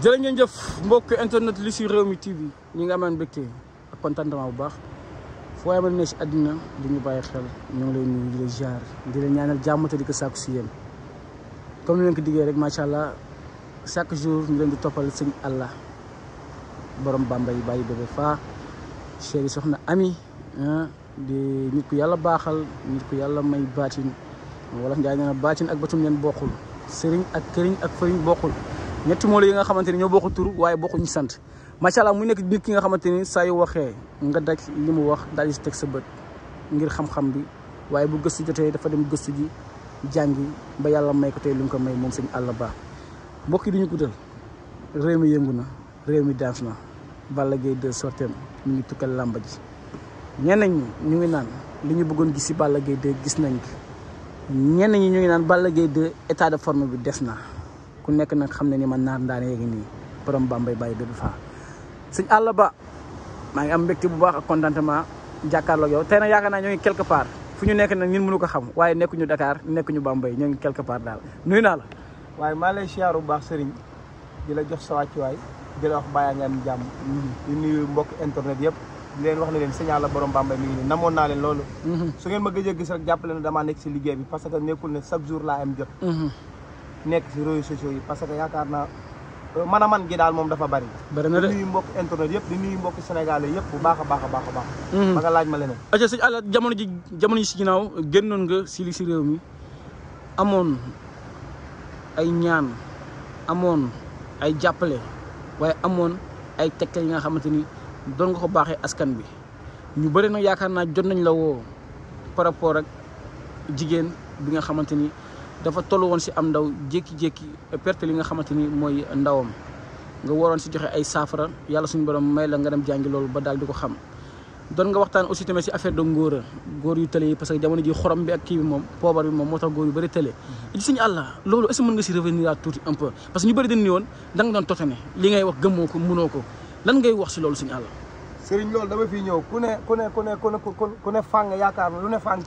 jërë ngeen jëf mbokk internet li si réew mi TV ñi nga amaan mbégte ak contentement bu baax foo amal ne si àddina di ñu bàyyi xel ñu ngi lay nuyu di la ziar di ñaanal jàmm te di ko sàkku si yéen comme ni leen ko diggee rek macha allah chaque jour ñu leen di toppal sëñ àlla borom bàmba yi bàyyi bébé faa chéri soxna ami ah, di nit ku yàlla baaxal nit ku yàlla may baatin wala njaay nee na baatin ak batum leen bokkul sëriñ ak këriñ ak fëriñ bokkul ñetti mool yi nga xamante ni ñoo ko turu waaye bokkuñu sant macha allah mu nekk nit ki nga xamante ni saa yu waxee nga daj li mu wax daal di si teg sa bët ngir xam-xam bi waaye bu gëstu jotee dafa dem gëstu ji jàngi ba yàlla may ko tey lu mu ko may moom sëñ Alla Ba mbokk yi du ñu guddal réew mi yëngu na réew mi dans na Balla Gaye 2 sorteem mu ngi tukkal làmb ji ñeneen ñi ñu ngi naan li ñu bëggoon gis si Balla Gaye gis nañ ko ñeneen ñi ñu ngi naan Balla Gaye 2 état de forme bi des na ku nekk nag xam ne ni man naar ndaane yeegi nii borom bambay bàyyi Bébé Fall sëñ Alla Ba maa ngi am mbégte bu baax ak contentement jàkkaarloog yow tey nag yaakaar naa ñoo ngi quelque part fu ñu nekk nag ñun mënu ko xam waaye nekk ñu nekkuñu nekk ñu ngi quelque part daal nuyu naa la waaye maa baax sëriñ di di la wax bàyyi nga am jàmm di nuyu mbokk internet yëpp di leen wax ne namoon naa leen loolu mhm. su ngeen ma gëj a gis rek jàpp leen damaa nekk si liggéey bi parce que nekkul ne chaque jour laa am jot mhm. nekk si réseaux sociaux yi parce que yaakaar naa euh, man man gi daal moom dafa bari. bari na de nuyu mbokk internet yëpp di nuyu mbokk sénégalais yëpp bu baax a baax a baax a baax. Mm-hmm. ba nga laaj ma leneen. aja sëñ Alla jamono ji jamono yi si ginnaaw génnoon nga si si réew mi ay ñaan amoon ay jàppale waaye amoon ay tegtal yi nga xamante ni doon nga baaxee askan bi ñu bëri nag yaakaar naa jot nañ la woo par rapport ak jigéen bi nga xamante ni. dafa toll woon si am ndaw jékki-jékki perte li nga xamante ni mooy ndawam nga waroon si joxe ay saafara yàlla suñu borom may la nga dem jàngi loolu ba daal di ko xam doon nga waxtaan aussi tamit si affaire de ngóor a góor yu tële yi parce que jamono ji xorom bi ak kii bi moom poobar bi moom moo tax góor yu bëri tële ji mhm. suñu àlla loolu est mën nga si revenir à tuuti un peu parce que ñu bëri dañ ni woon da nga doon totane li ngay wax gëmmoo ko yaakaar lu ne fàng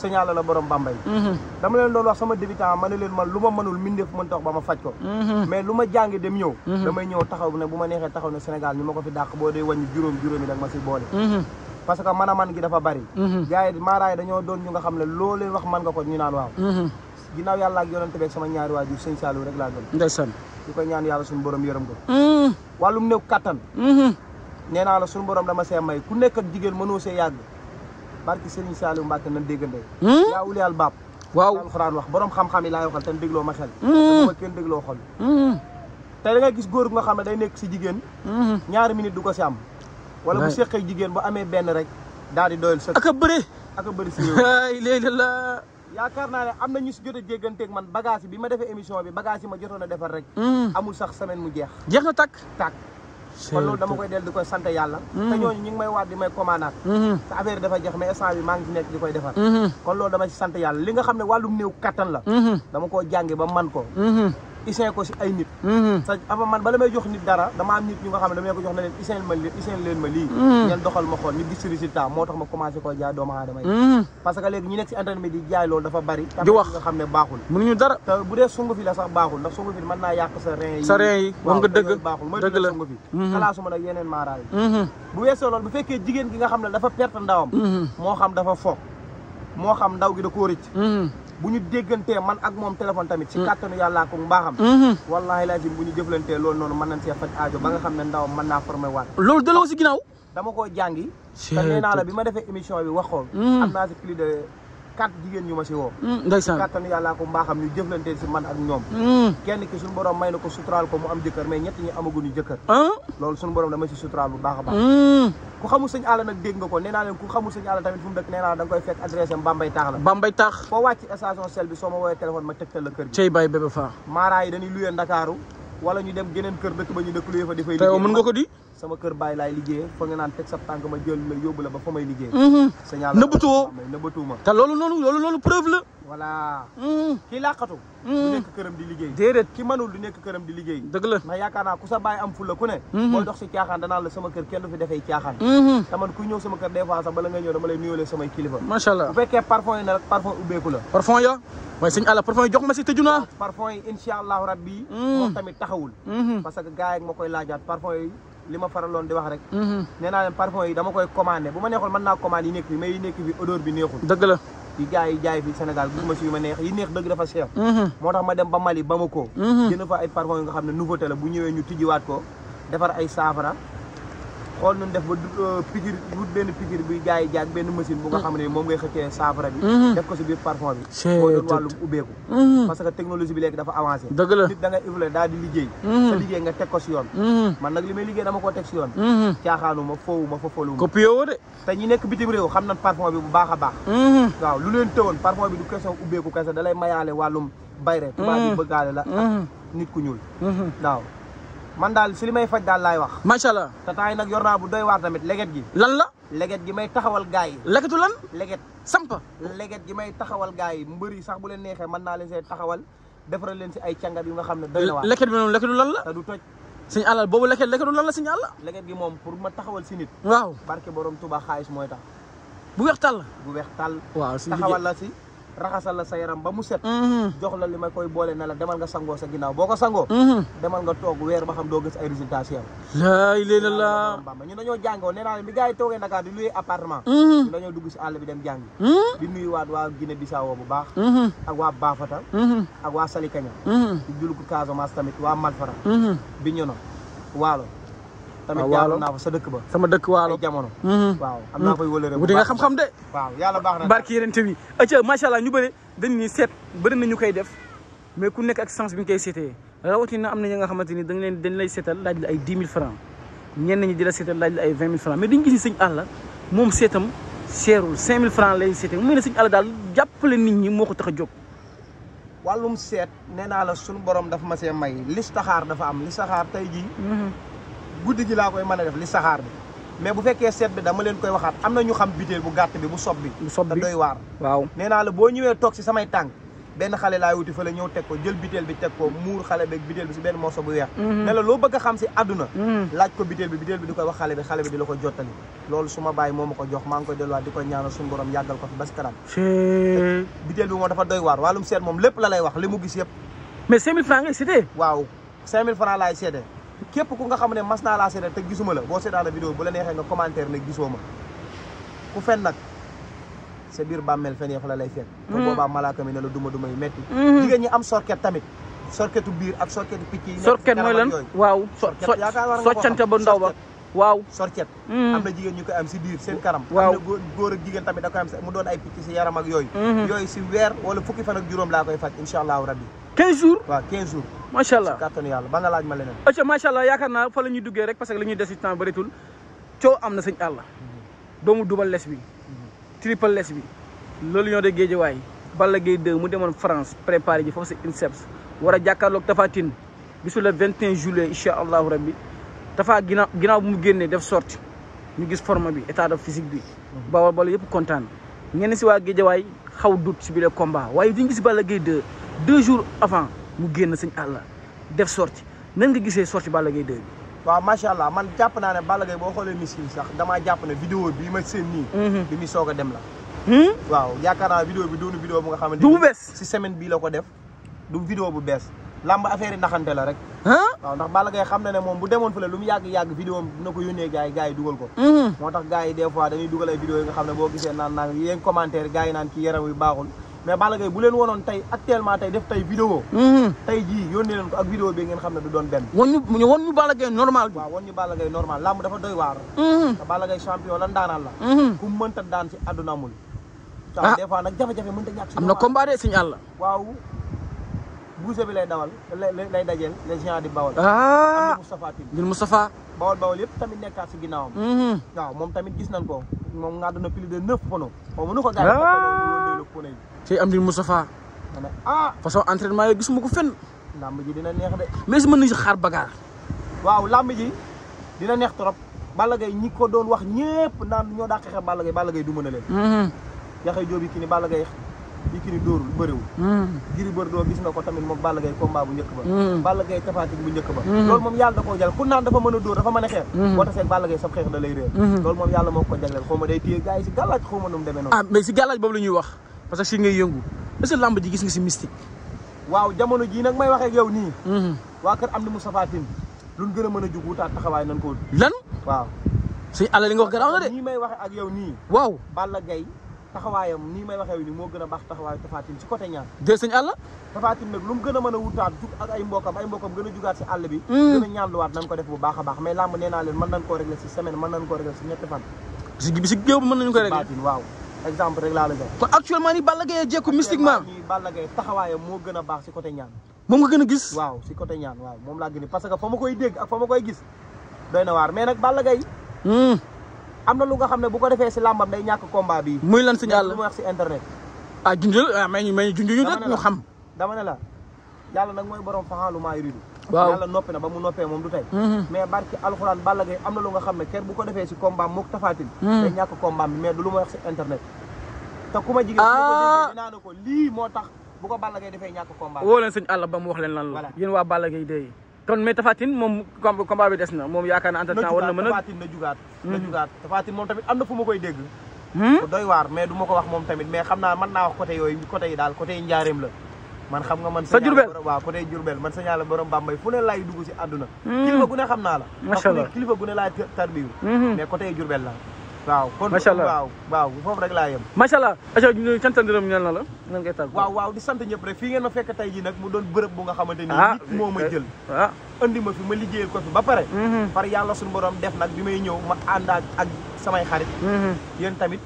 signaler la borom bambay mhm. dama leen doon wax sama débutant ma ne leen man lu ma mënul mindeef mën tax ba ma faj ko mhm. mais lu ma jàngi dem ñëw mhm. damay ñëw taxaw ne bu ma neexee taxaw ne Sénégal ñu ma ko fi dàq boo dee wàññi juróom juróomi da ma si boole parce que man a man gi dafa bari maaraay dañoo doon ñu nga xam ne loo wax man nga ko ñu naan waaw ginnaaw yàlla ak yonante beeg sama ñaari waajur sëñ Saliou rek laa gëm ndeysaan di koy ñaan yàlla barki Serigne Saliou Mbacke nan déggante hmm? yaa wuli al baab waaw alxuraan wax boroom xam-xam yi laay waxal te dégloo ma xel ma hmm. kenn dégloo xol hmm. te da nga gis góor gu nga xam ne day nekk si jigéen ñaari minute du ko si am wala bu jigéen bu amee benn rek daal di doyal sëkk ak a ak a si léegi la yaakaar naa ne am na ñu si jot a man bagage bi ma defee émission bi bagage yi ma jotoon a defar rek amul sax semaine mu jeex jeex na takk tàkk kon loolu dama koy dellu di koy sant yàlla mm-hmm. te ñooñu ñu ngi may waat di may commandaat mm-hmm. te affaire dafay jeex mais instant bi maa ngi ci nekk di koy defar mm-hmm. kon loolu dama ci yàlla li nga xam ne wàllum néew kattan la dama koo jànge ba man ko isin ko si ay nit mhm. sa man bala may jox nit dara dama nit ñu nga xam ne damay ko jox na leen isin ma lii isin leen ma lii mhm. ngeen doxal ma xool ñu gis résultat moo tax ma commencé ko jaay doomu aadama yi mhm. parce que léegi ñu nekk si internet bi jaay loolu dafa bari di wax nga xam ne baaxul mënuñu dara bu dee sungu la sax baaxul ndax sungu fi mën naa yàq sa rein yi sa rein yi wax nga dëgg baaxul mooy dëgg la sungu nag yeneen maaraay bu weesoo loolu bu bu ñu déggantee man ak moom téléphone tamit ci mm. kàttanu yàllaa ko mbaaxam mm-hmm. wallaahi lazim bu ñu jëflantee loolu noonu mën nañ see faj aajo ba nga xam ne ndaw mën naa formé waat loolu daloo si ginnaaw dama koo jàngi te nee naa la bi ma defee émission bi waxoon mm-hmm. am naa si plus de quatre a hmm. ku xamul sëñ Alla nag dégg nga ko nee leen ku xamul sëñ Alla tamit fu koy fekk adresse am Taax la Bambay Taax foo wàcc station sel bi soo ma woowee téléphone ma tegtal la kër gi cey bay bébé Ndakaaru wala ñu dem geneen kër dëkk ba ñu dëkk luyee fa dafay mën nga ko di sama kër laay liggéey fa nga naan teg sa tànk jël la yóbbu ba fa may liggéey mhm. señal nëbbutuwoo nëbbatuwuma te loolu noonu loolu noonu preuve la voilà mhm. kii làqatu du mhm. nekk këram di liggéey déedéet ki mënul du nekk di liggéey dëgg la ndax ku sa am fulla ne booy dox si caaxaan danaa la sama kër fi defee caaxaan te ku ñëw sama kër des bala nga ñëw dama lay nuyoolee samay kilifa macha allah yi na rek parfum yi jox ma yi incha li ma faraloon di wax rek mhm. nee naa leen parfum yi dama koy commandé bu ma neexul mën naa commandé yi nekk fi mais yi nekk fi odeur bi neexul dëgg la yi gaay yi jaay fi Sénégal gisuma si yu ma neex yi neex dëgg dafa cher mhm. moo tax ma dem ba Mali Bamako mhm. jënd fa ay parfum yi nga xam ne nouveauté la bu ñëwee ñu tijjiwaat ko defar ay saafara xool nun def ba euh, pikir wut benn pikir bi gars yi jaag benn machine bu nga xam ne moom ngay xëccee saafara bi mhm. def ko si biir parfum bi mooy doon wàllum ubbeeku mhm. parce que bi léegi dafa avancé nit da nga évolué liggéey mhm. sa nga teg ko si yoon man nag li may liggéey dama ko teg si yoon caaxaanu ma foowu ma fafalu ma copié de te ñi nekk bitim réew xam nañ parfum bi bu baax a baax waaw lu leen tëwoon parfum bi du question ubbeeku kese da lay mayaale wàllum bayre tubaab bi la ak nit ku ñuul man daal si li may faj daal laay wax. macha allah te temps yi nag yor naa bu doy waar tamit leget gi. lan la. leget gi may taxawal gars yi. legetu lan. leget samp. leget gi may taxawal gars yi mbër yi sax bu leen neexee man naa leen see taxawal defaral leen si ay càngat yu nga xam ne doy na waar. leget bi noonu legetu lan la. te du toj. suñu alal leget lan la suñu alal. leget gi moom pour ma taxawal si nit. waaw barke borom Touba xaalis mooy tax. bu weex tàll. bu weex tàll. waaw taxawal la si. raxasal la sa yaram ba mu set mhm. jox la li ma koy boole na la demal nga sangoo sa ginnaaw boo ko sangoo mhm. demal nga toog weer ba xam doo gis a résultats si yow laay léeg la bamba ñu dañoo jàngoo ne naa ne bi gars yi toogee Dakar di luye appartement mhm. ñu dañoo dugg si àll bi dem jàngi di nuyu waa waa Guinée saawoo bu baax ak waa Bafata ak waa Salikaña di julku Casamance tamit waa Malfara bi ñu no waalo tamit jaaroon naa fa sa dëkk ba sama dëkk waalo jamono mhm. waaw nga xam-xam de na barki yeneen te bi acca macha allah ñu bëri dañ ni seet bëri na ñu koy def mais ku nekk ak bi nga koy seetee rawatina am na ñi nga xamante dañ lay seetal laaj la ay dix mille francs ñenn ñi di la seetal laaj la ay vingt mille francs mais dañ gis ni sëñ àlla moom seetam seerul cinq mille francs lay seete mu mel sëñ àlla daal jàppale nit ñi moo ko a jóg wàllum seet nee la suñu borom dafa ma see may guddi ji laa koy man a def li saxaar bi mais bu fekkee seet bi dama leen koy waxaat am na ñu xam biteel bu gàtt bi bu sob bi bu sob bi doy waar waaw nee naa la boo ñëwee toog si samay tànk benn xale laay wuti fa la ñëw teg ko jël biteel bi teg ko muur xale bi biteel bi benn morceau bu weex mhm. loo bëgg xam si àdduna mhm. laaj ko biteel bi biteel bi di xale bi xale bi ko jottali loolu su ma bàyyi moo ma ko jox maa ngi koy delluwaat di ko ñaanal suñu borom ko fi bas kanam biteel bi moom doy waar wàllum seet moom lépp la lay wax li mu gis yëpp mais cinq mille francs ngay seetee waaw cinq mille francs laay seetee képp ku nga xam ne mas naa laa seetal te gisuma la boo seetaan la vidéo bu la neexee nga commentaire ne gisoo ku fen nag sa biir bàmmeel fen ya lay fekk te mhm. boobaa malaaka mi ne la duma duma yu metti mhm. tamit sorketu biir ak sorketu picc yi sorket mooy lan waaw ba ndaw ba waaw sorket mhm. am jigéen ñu koy am si biir seen kanam waaw am góor ak jigéen tamit da koy mu doon ay picc si yaram ak yooyu yooyu si weer wala fukki fan ak juróom laa koy faj incha allahu rabbi 15 jours waaw 15 jours. macha allah si kàttanu ba nga laaj ma leneen. ok allah yaakaar naa fa la ñuy duggee rek parce que la ñuy des ci temps bëritul coow am na sëñ àlla mhm. doomu dubal les bi. Mhm. triple les bi. loolu ñoo de géejewaay. Balla Gaye 2 mu demoon France préparé ji foofu si INSEPS war a jàkkaarloog Tapha Tine bisu le 21 juillet incha allahu rabbi Tapha ginnaaw ginnaaw bu mu génnee def sort ñu gis forme bi état de physique bi. bawal mhm. bawal yëpp kontaan ñenn si waa géejewaay xaw dut si biir waaye di ñu gis Balla Gaye deux jours avant mu génn sëñ àlla def sorti nan nga gisee sorti Balla Gaye 2 bi waaw macha allah man jàpp naa ne Balla Gaye boo xoolee misil sax damaa jàpp ne vidéo bi ma seen nii mhm. bi muy soog a dem la hmm? waaw yaakaar naa vidéo bi doonu vidéo bu nga xamante du bu si semaine bii la ko def du vidéo bu bees làmb affaire yi naxante la rek waaw ndax Balla Gaye xam na ne moom bu demoon fële lu mu yàgg-yàgg vidéo dina ko yónnee gars yi gars yi dugal ko mhm. moo tax gars yi des fois dañuy dugal yi nga xam ne boo gisee naan naan yéen commentaire gars yi naan kii yaram wi baaxul mais Balla Gaye bu leen wonoon tey actuellement tey def tey vidéo mhm. tey jii yónnee leen ko ak vidéo bi ngeen xam ne du doon benn won ñu won ñu Balla Gaye normal bi waaw won ñu Balla Gaye normal làmb dafa doy waar mhm. te champion la ndaanaan la mhm. ku mënta daan ci àdduna amul ah des fois nag jafe-jafe mënta ñàkk am na combat de suñu àll waaw buuse bi lay dawal lay dajeel les gens di bawal ah Moustapha Tine Moustapha bawal bawal yëpp tamit nekkaat si ginnaaw waaw moom tamit gis nañ ko moom nga doon plus de neuf pono. xaw ma nu ko gars yi ah. pono yi. tey am nañu Moustapha. ah façon entraînement yooyu gisuma ko fenn. làmb ji dina neex de. mais si mën nañu si xaar bagaar. waaw làmb ji dina neex trop. bala Gaye ñi ko doon wax ñëpp naan ñoo daa bala Balla Balla Gaye du mën a leen. Mhm. yaxey joobi kii ni Balla Gaye Yékini dóorul bëriwul hmm. Gris Bordeaux gis na ko tamit moom Balla Gaye combat bu njëkk ba hmm. Balla Gaye capacité bu njëkk ba hmm. loolu moom yàlla da dafa mën a dóor a xeex boo tasee Balla Gaye sab xeex da lay réer loolu ko day téye gars yi si gàllaaj xaw ma mu demee noonu ah si gàllaaj boobu la ñuy wax parce que si ngay yëngu est-ce que ji gis nga si mystique waaw jamono jii nag may wax ak yow nii waa kër am na Moustapha Tine luñ gën a mën a jug wutaat taxawaay nan ko lan waaw suñu àll li nga wax garaaw na de ñii may waxe ak nii waaw Balla Gaye taxawaayam nii may waxee ni moo gën a baax taxawaayu Tafatine ci côté ñaar jël sëñ àll Tafatine nag lu gën a mën a wutaat jug ak ay mbokam ay mbokam gën a jugaat si àll bi mm. gën a ñaanluwaat nañ ko def bu baax a baax mais làmb nee naa leen mën nañ koo régler si semaine mën nañ koo régler si ñetti fan si bi si géew bi mën nañu koy régler waaw exemple rek laa la jox kon actuellement ni Balla Gaye jékku mystiquement ni Balla Gaye taxawaayam moo gën a baax a gis a parce am na lu nga xam ne bu ko defee si làmbam day ñàkk combat bi muy lan mu wax si internet ah junjul ah may may ñu junj ñu rek ñu xam dama ne la yàlla nag mooy borom faxaalu maa waaw yàlla noppi na ba mu noppee moom du tey mhm. mais barki alxuraan Balla na lu nga xam ne kenn bu ko defee si combat mook tafaatin mhm. ñàkk combat bi mais du lu mu wax si internet te ku ma jigéen ah. dinaa ne ko lii moo tax bu ko Balla Gaye defee ñàkk combat woo leen suñu àll ba mu wax leen lan la yéen waa Balla Gaye dee kon mais Tafatine moom combat bi des na moom yaakaar na entre na a Tafatine jugaat hmm. na moom tamit am na fu ma koy dégg hmm? doy waar mais du ma ko wax moom tamit mais xam naa mën naa wax côté yooyu côté yi daal côté yi njaareem la man xam nga man sa Jurbel waaw côté Jurbel man sa ñaala borom Bambey fu ne laay dugg si àdduna hmm. kilifa gu xam naa la kilifa gu ne laa tarbiyu mais côté yi Jurbel la waaw kon waaw waaw foofu rek laa yem macha allah aca santa canta ndërëm na la nan ngay tàgg waaw sant ñëpp rek fii ngeen ma fekk tey ji nag mu doon bërëb bu nga xamante ni ah, nit a ma eh, jël ah andi ma fi ma liggéeyal ko fi ba pare mm-hmm. par yàlla suñu borom def nag bi may ñëw ma ànd ak samay xarit mm-hmm. yéen tamit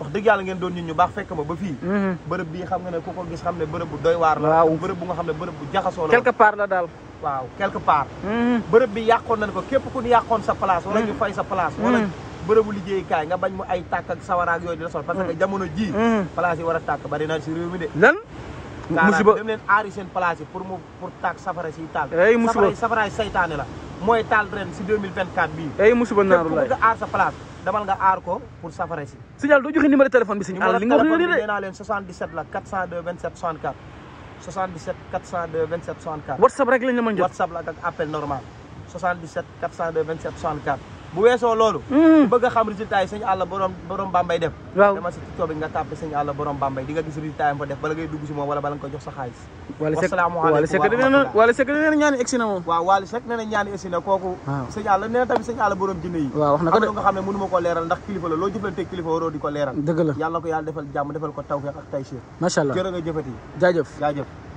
wax dëgg yàlla ngeen doon nit ñu baax fekk ma ba fii mm-hmm. bërëb bi xam nga ne ku ko gis xam ne bërëb bu doy waar la bërëb bu nga xam ne bërëb bu jaxasoo la quelque part la daal waaw quelque part bërëb bi yàqoon nañ ko képp ku yàqoon sa place wala sa place bërëbu liggéeykaay nga bañ mu ay tàkk ak yooyu di la sol parce que mm. jamono ji mm. place yi war a tàkk si réew mi musiba dem leen aari yi pour mu pour tàkk safara siy taal musiba safaraay saytaane la mooy taal ren si 2024 bii ay musiba naaru laay nga aar sa place damal nga aar ko pour safara si signal doo joxe numéro téléphone bi si li nga wax nee naa leen 77 la 402 la mën jot whatsapp la ak appel normal bu weesoo loolu hmm. bëgg a xam résultat yi sëñ àlla borom borom bambay def waaw si tiktok nga tàppe sëñ àlla borom bambay di nga gis résultat yi fa def bala ngay dugg si moom wala bala nga ko jox sa xaalis wasalaamaaleykum wala sek nee na ñaani egsi na moom waaw waali sek nee na ñaani egsi na kooku sëñ àlla nee na tamit sëñ àlla borom jinne yi waaw wax na ko de nga xam ne mënu ma ko leeral ndax kilifa la loo jëflante kilifa waroo di ko leeral dëgg la yàlla ko yàlla defal jàmm defal ko tawfeex ak tay siir macha allah jërë nga